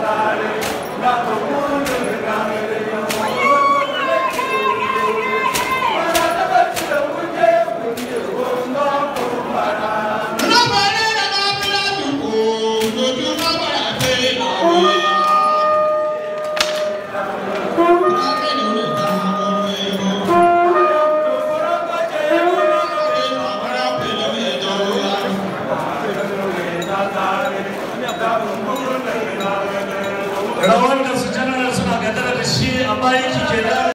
Dada. rawar da su janar suna gadara da shi a bayan